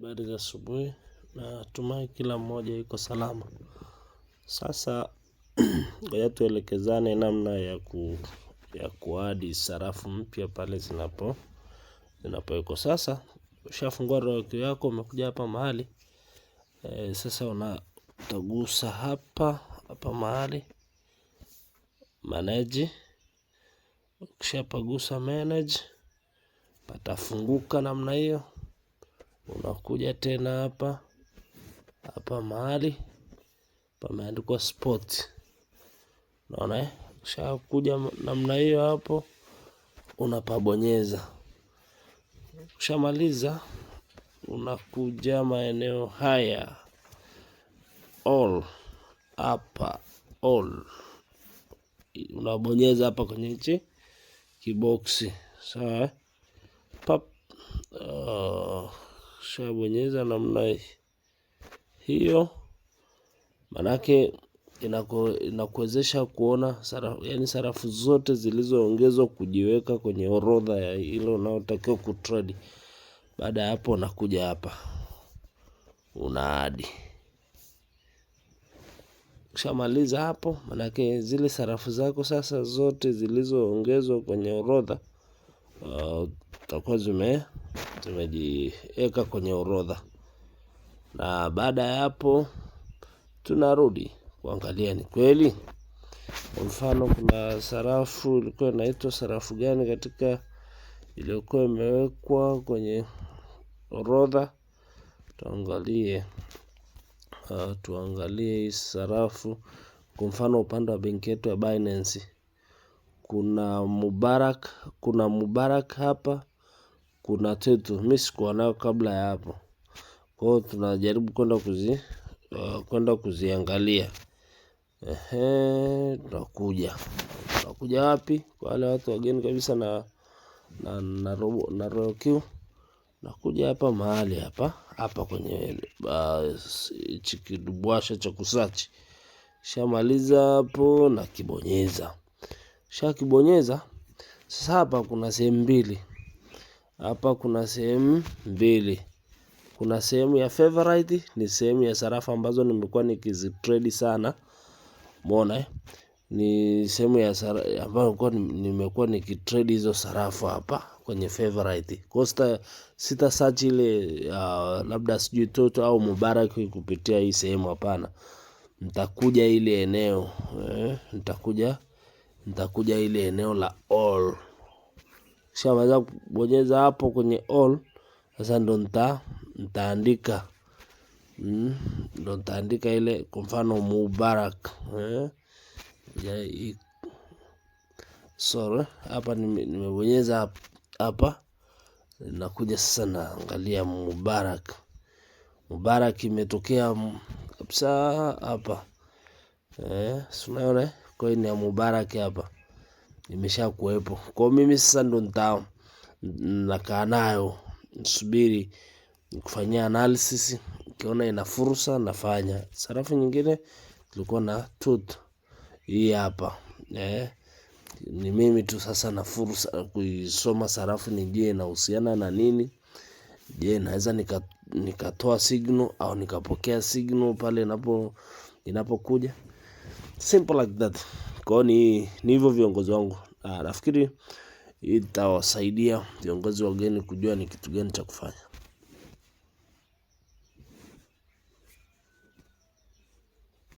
Habari za asubuhi, natumai kila mmoja yuko salama. Sasa ngoja tuelekezane namna ya ku ya kuadi sarafu mpya pale zinapo zinapowekwa. Sasa ushafungua roki yako, umekuja hapa mahali e, sasa una utagusa hapa hapa mahali manage. Ukishapagusa manage, patafunguka namna hiyo unakuja tena hapa hapa mahali pameandikwa sport. Unaona eh? Ushakuja namna hiyo hapo unapabonyeza. Ushamaliza unakuja maeneo haya all hapa all unabonyeza hapa kwenye hichi kiboksi sawa, eh? pap. Uh, ukishabonyeza namna hiyo, manake inakuwezesha kuona sarafu, yani sarafu zote zilizoongezwa kujiweka kwenye orodha ya ile ku kutrade. Baada ya hapo, unakuja hapa unaadi Ukishamaliza hapo, manake zile sarafu zako sasa zote zilizoongezwa kwenye orodha utakuwa uh, zime tumejiweka kwenye orodha, na baada ya hapo tunarudi kuangalia ni kweli. Kwa mfano, kuna sarafu ilikuwa inaitwa sarafu gani katika iliyokuwa imewekwa kwenye orodha. Tuangalie uh, tuangalie hii sarafu. Kwa mfano, upande wa benki yetu ya Binance kuna Mubarak, kuna Mubarak hapa kuna tetu, mi sikuwa nayo kabla ya hapo. Kwa hiyo tunajaribu kwenda kuzi eh, kwenda kuziangalia. Ehe, tunakuja tunakuja wapi? Kwa wale watu wageni kabisa na na na, robo, na Royal Q nakuja hapa mahali hapa hapa kwenye hichi uh, kidubwasha cha kusachi. Shamaliza hapo na kibonyeza, shakibonyeza sasa. Hapa kuna sehemu mbili hapa kuna sehemu mbili. Kuna sehemu ya favorite ni sehemu ya sarafu ambazo nimekuwa nikizitrade sana. Umeona eh? Ni sehemu ya ambayo kwa nimekuwa nikitrade hizo sarafu hapa kwenye favorite. Kwa sita, sita search ile uh, labda sijui toto au Mubarak kupitia hii sehemu hapana. Nitakuja ile eneo eh, nitakuja nitakuja ile eneo la all Kishamaliza kubonyeza hapo kwenye all, sasa ndo nita nitaandika mm, ndo nitaandika ile kwa mfano Mubarak eh? Yeah, sorry hapa nimebonyeza hapa nakuja sasa, naangalia Mubarak. Mubarak imetokea kabisa hapa eh, sinaona koini ya Mubarak hapa imesha kuwepo. Kwa mimi sasa ndo nita nakaa nayo nisubiri kufanyia analysis, kiona ina fursa nafanya. Sarafu nyingine tulikuwa na tut hii hapa eh, ni mimi tu sasa na fursa kuisoma sarafu, ni je inahusiana na nini? Je, naweza nika nikatoa signal au nikapokea signal pale inapo inapokuja, simple like that. Kwa ni ni hivyo viongozi wangu. Ah, nafikiri itawasaidia viongozi wageni kujua ni kitu gani cha kufanya.